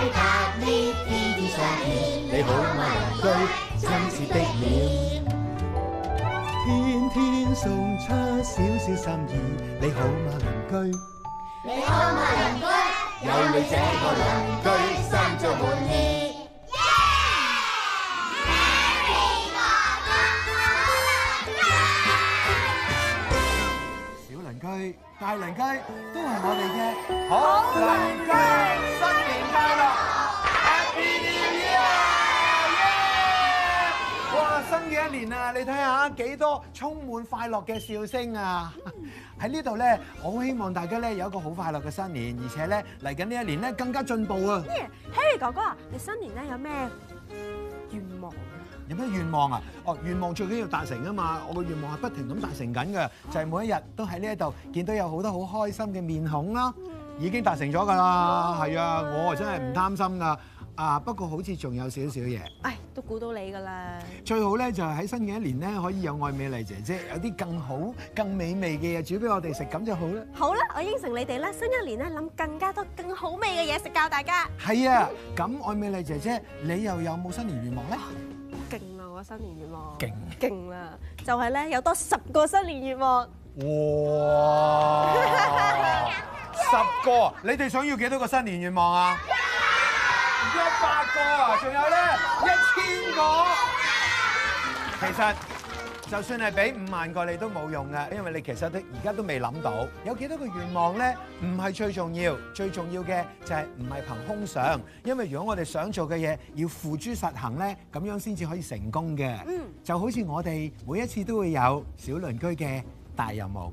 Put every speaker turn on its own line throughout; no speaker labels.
你，天天天你好嗎，鄰居？親切的臉，天天送出小小心意。你好嗎，鄰居？你好嗎，鄰居？有你這個鄰居，心足滿意。天天大良街都係我哋嘅好良街，新年快樂，Happy New Year！哇，新嘅一年啊，你睇下幾多充滿快樂嘅笑聲啊！喺呢度咧，好希望大家咧有一個好快樂嘅新年，而且咧嚟緊呢一年咧更加進步啊！Harry 哥哥，你新年咧有咩願望？有咩願望啊？哦，願望最緊要達成啊嘛！我個願望係不停咁達成緊嘅，就係每一日都喺呢一度見到有好多好開心嘅面孔啦。已經達成咗㗎啦，係啊，我真係唔貪心㗎啊！不過好似仲有少少嘢，唉，都估到你㗎啦。最好咧就係喺新嘅一年咧，可以有愛美麗姐姐有啲更好、更美味嘅嘢煮俾我哋食，咁就好啦。好啦，我應承你哋啦，新一年咧諗更加多更好味嘅嘢食教大家。係啊，咁愛美麗姐姐，你又有冇新年願望咧？新年願望，勁勁啦！就係咧，有多十個新年願望。哇！十 個， 你哋想要幾多個新年願望啊？一百個啊！仲有咧，一千個。其實。就算係俾五萬個你都冇用噶，因為你其實都而家都未諗到有幾多個願望呢？唔係最重要，最重要嘅就係唔係憑空想，因為如果我哋想做嘅嘢要付諸實行呢，咁樣先至可以成功嘅。嗯，就好似我哋每一次都會有小鄰居嘅大任務。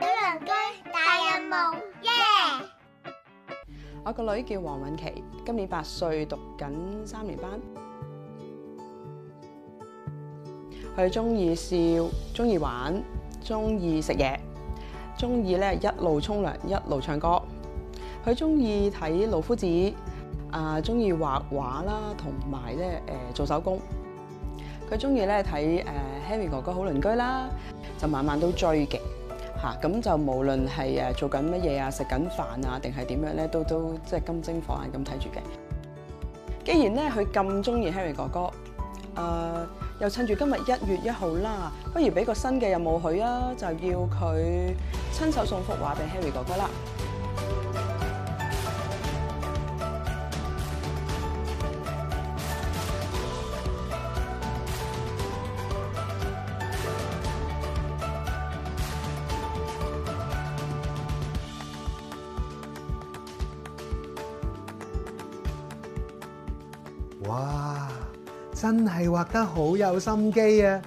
小鄰居大任務，耶，yeah!！我個女叫黃韻琪，今年八歲，讀緊三年班。佢中意笑，中意玩，中意食嘢，中意咧一路沖涼一路唱歌。佢中意睇《老夫子》呃，啊，中意畫畫啦，同埋咧誒做手工。佢中意咧睇誒 Harry 哥哥好鄰居啦，就晚晚都追㗎吓。咁、啊、就無論係誒做緊乜嘢啊，食緊飯啊，定係點樣咧，都都即係金睛火眼咁睇住嘅。既然咧佢咁中意 Harry 哥哥，誒、呃。又趁住今日一月一號啦，不如俾個新嘅任務佢啊，就要佢親手送幅畫俾 Harry 哥哥啦。真係畫得好有心機啊！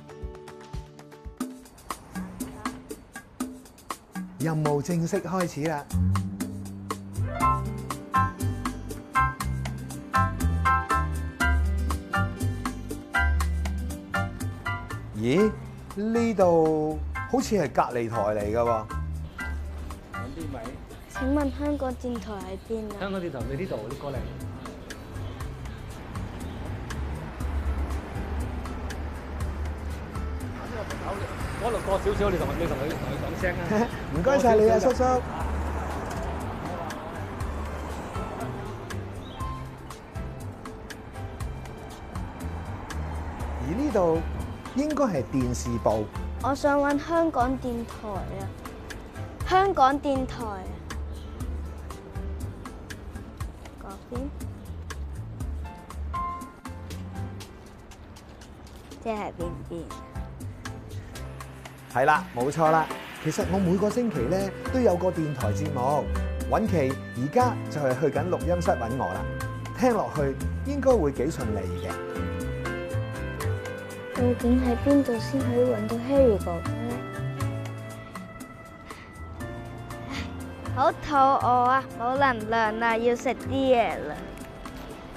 任務正式開始啦！咦？呢度好似係隔離台嚟㗎喎？請問香港電台喺邊啊？香港電台喺呢度，你過嚟。可能多少少，你同你同佢同佢講聲啊！唔該曬你啊，叔叔。而呢度應該係電視部。我想揾香港電台啊！香港電台啊！嗰邊？即係邊邊？係啦，冇錯啦。其實我每個星期咧都有個電台節目搵期，而家就係去緊錄音室搵我啦。聽落去應該會幾順利嘅。究竟喺邊度先可以搵到 Harry 哥哥咧？好肚餓啊，冇能量啊，要食啲嘢啦。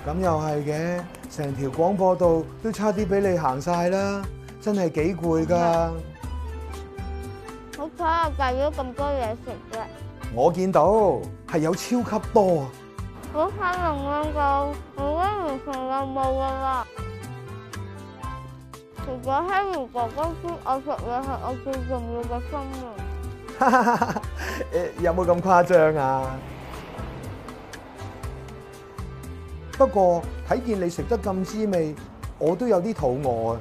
咁又係嘅，成條廣播道都差啲俾你行晒啦，真係幾攰噶。好彩啊！帶咗咁多嘢食啫，我見到係有超級多啊！好可能我夠，我都唔食啦，冇噶啦。如果希湖伯今天我食嘅係我最重要嘅心啊！哈哈哈！誒，有冇咁誇張啊？不過睇見你食得咁滋味，我都有啲肚餓啊！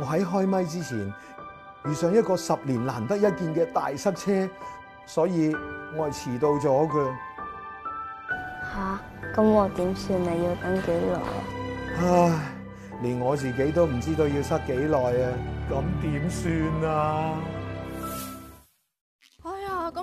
我喺開咪之前遇上一個十年難得一見嘅大塞車，所以我係遲到咗嘅。吓、啊，咁我點算？你要等幾耐啊？唉，連我自己都唔知道要塞幾耐啊！咁點算啊？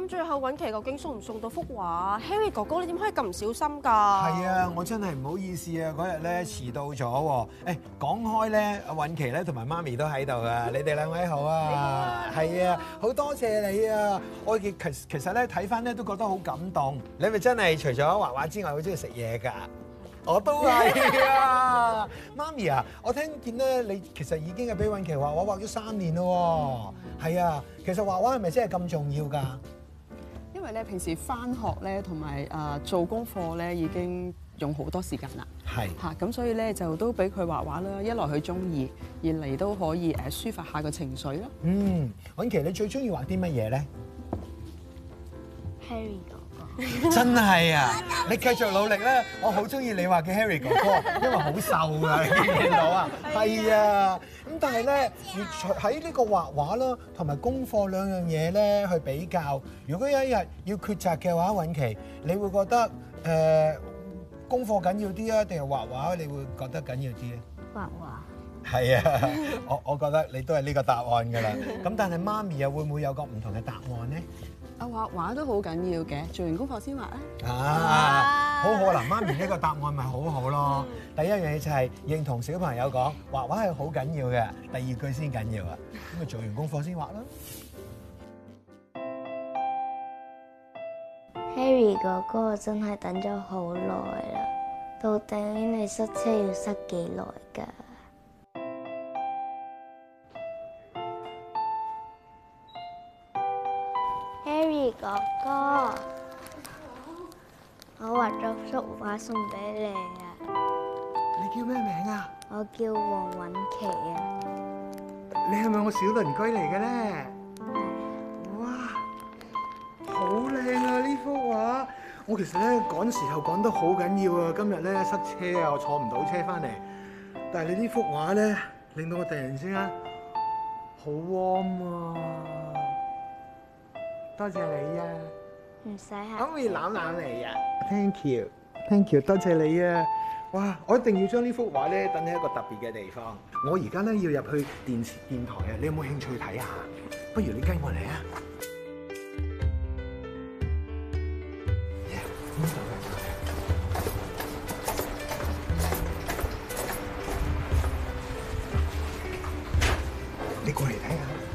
最後允琪究竟送唔送到幅畫？Harry 哥哥，你點可以咁唔小心㗎？係啊，我真係唔好意思啊！嗰日咧遲到咗喎。誒，講開咧，阿允琪咧同埋媽咪都喺度啊！你哋兩位好啊？係啊，好多謝你啊！我其其實咧睇翻咧都覺得好感動。你咪真係除咗畫畫之外，好中意食嘢㗎？我都係啊！ 媽咪啊，我聽見咧你其實已經係俾允琪畫畫畫咗三年咯喎。係啊，其實畫畫係咪真係咁重要㗎？因為咧平時翻學咧同埋誒做功課咧已經用好多時間啦，係吓，咁所以咧就都俾佢畫畫啦，一來佢中意，二嚟都可以誒抒發下個情緒啦。嗯，允琪你最中意畫啲乜嘢咧？Harry。真係啊！你繼續努力咧，我好中意你話嘅 Harry 哥哥，因為好瘦㗎，你見到啊？係啊，咁但係咧，要喺呢個畫畫咯，同埋功課兩樣嘢咧去比較，如果有一日要抉擇嘅話，韻琪，你會覺得誒功課緊要啲啊，定係畫畫你會覺得緊要啲咧？畫畫。係啊，我我覺得你都係呢個答案㗎啦。咁但係媽咪又會唔會有個唔同嘅答案咧？啊畫畫都好緊要嘅，做完功課先畫啦。啊，好可能，媽咪呢個答案咪好好咯。第一樣嘢就係認同小朋友講畫畫係好緊要嘅，第二句先緊要啊。咁咪做完功課先畫咯。Harry 哥哥真係等咗好耐啦，到底你塞車要塞幾耐㗎？Harry 哥哥，我畫咗幅畫送俾你啊！你叫咩名啊？我叫黃韻琪啊。你係咪我小鄰居嚟嘅咧？哇，好靚啊！呢幅畫，我其實咧趕時候趕得好緊要啊！今日咧塞車啊，我坐唔到車翻嚟。但係你幅畫呢幅畫咧，令到我突然之間好 warm 啊！多謝，謝你啊，唔使嚇，可唔可以攬攬你啊？Thank you，Thank you，多謝你啊！哇，我一定要將呢幅畫咧，等喺一個特別嘅地方。我而家咧要入去電視電台啊，你有冇興趣睇下？不如你跟我嚟啊！你過嚟睇下。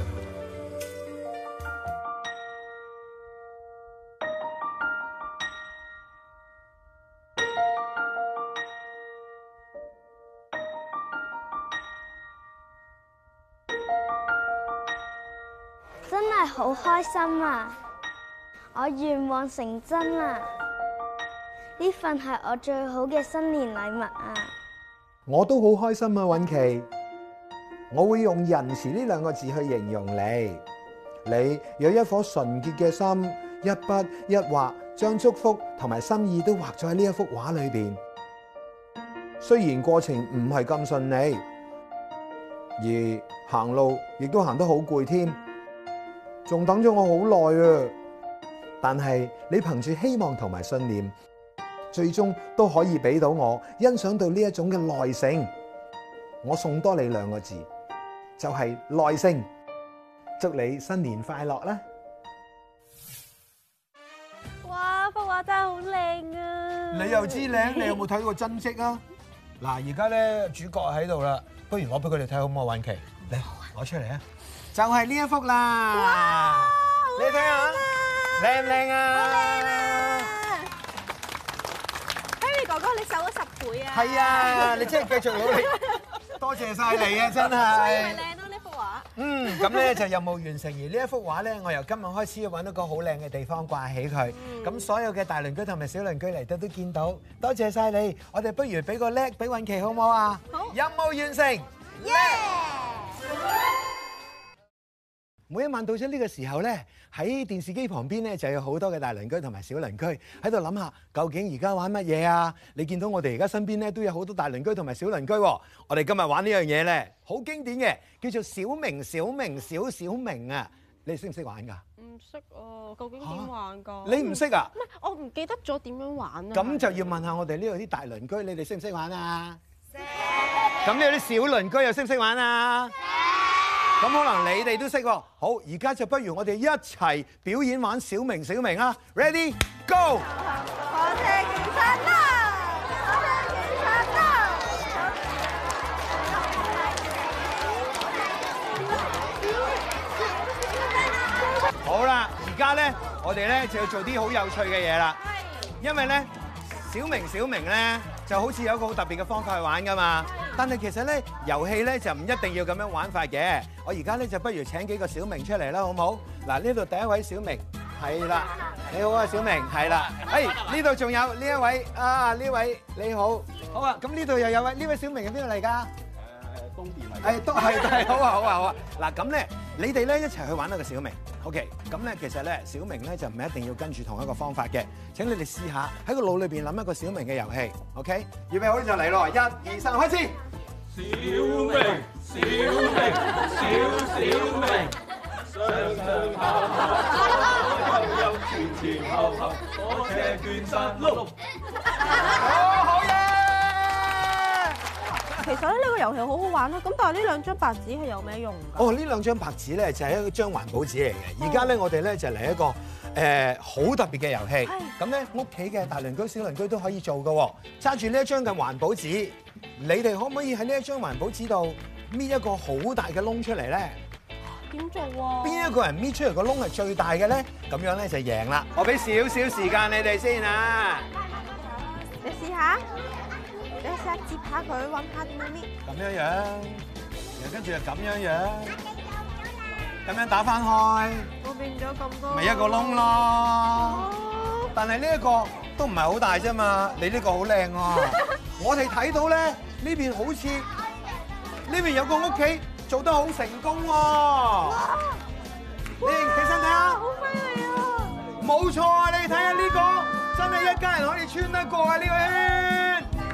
好開心啊！我願望成真啊！呢份係我最好嘅新年禮物啊！我都好開心啊，韻琪。我會用仁慈呢兩個字去形容你。你有一顆純潔嘅心，一筆一畫將祝福同埋心意都畫咗喺呢一幅畫裏邊。雖然過程唔係咁順利，而行路亦都行得好攰添。仲等咗我好耐啊！但係你憑住希望同埋信念，最終都可以俾到我欣賞到呢一種嘅耐性。我送多你兩個字，就係、是、耐性。祝你新年快樂啦！哇，幅畫真係好靚啊！
你又知靚，你有冇睇
過真跡」啊？嗱，而家咧主角喺度啦，不如我俾佢哋睇好唔好玩奇？你攞出嚟啊！就係呢一幅啦，你睇下，靚唔靚啊？好靚啊！Henry 哥哥，你瘦咗十倍啊！係啊，你真係繼續努力，多謝晒你啊！真係。所以咪靚咯呢幅畫。嗯。咁咧就任務完成，而呢一幅畫咧，我由今日開始要搵到個好靚嘅地方掛起佢。咁所有嘅大鄰居同埋小鄰居嚟到都見到，多謝晒你。我哋不如俾個叻，俾韻琪好唔好啊？好。任務完成。Yeah。每一晚到咗呢個時候呢，喺電視機旁邊呢，就有好多嘅大鄰居同埋小鄰居喺度諗下，究竟而家玩乜嘢啊？你見到我哋而家身邊呢，都有好多大鄰居同埋小鄰居。我哋今日玩呢樣嘢呢，好經典嘅，叫做小明、小明、小小明啊！你識唔識玩㗎？唔識啊！究竟點玩㗎？啊？你唔識啊？我唔記得咗點樣玩啊！咁就要問一下我哋呢度啲大鄰居，你哋識唔識玩啊？識啊。咁呢度啲小鄰居又識唔識玩啊？咁可能你哋都識喎，好，而家就不如我哋一齊表演玩小明小明啊！Ready go！我哋健身啦！我哋健身啦！好啦，而家咧，我哋咧就要做啲好有趣嘅嘢啦，因為咧，小明小明咧就好似有一個好特別嘅方法去玩噶嘛，但係其實咧。遊戲咧就唔一定要咁樣玩法嘅。我而家咧就不如請幾個小明出嚟啦，好唔好？嗱，呢度第一位小明係啦，你好、小明係啦啊，小明係啦。誒、啊，呢度仲有呢一位啊，呢位你好、啊，好啊。咁呢度又有位呢、啊、位小明係邊度嚟㗎？誒，東邊嚟嘅。誒，都係都係，好啊好啊好啊。嗱、啊，咁咧你哋咧一齊去玩一個小明。OK，咁咧其實咧小明咧就唔係一定要跟住同一個方法嘅。請你哋試下喺個腦裏邊諗一個小明嘅遊戲。OK，要唔要好、啊、好就嚟咯？一、二、三，開始。小明，小明，小小明，上上下下，左左右右，前前後後，火車穿山路。其實咧，呢個遊戲好好玩啦。咁但係呢兩張白紙係有咩用㗎？哦，呢兩張白紙咧就係一張環保紙嚟嘅。而家咧，我哋咧就嚟一個誒好特別嘅遊戲。咁咧，屋企嘅大鄰居、小鄰居都可以做嘅。揸住呢一張嘅環保紙，你哋可唔可以喺呢一張環保紙度搣一個好大嘅窿出嚟咧？點做啊？邊一個人搣出嚟個窿係最大嘅咧？咁樣咧就贏啦！我俾少少時間你哋先啊！你試下。你試試一聲接下佢，揾下點樣搣，咁樣樣，然後跟住就咁樣樣，咁樣打翻開，嗰
邊有咁多，咪一個窿咯、嗯。
但係呢一個都唔係好大啫嘛，你呢個好靚喎。我哋睇到咧，呢邊好似呢邊有個屋企做得好成功喎、啊。你起身睇下，好犀利啊！冇錯啊，你睇下呢個，真係一家人可以穿得過啊呢、這個、A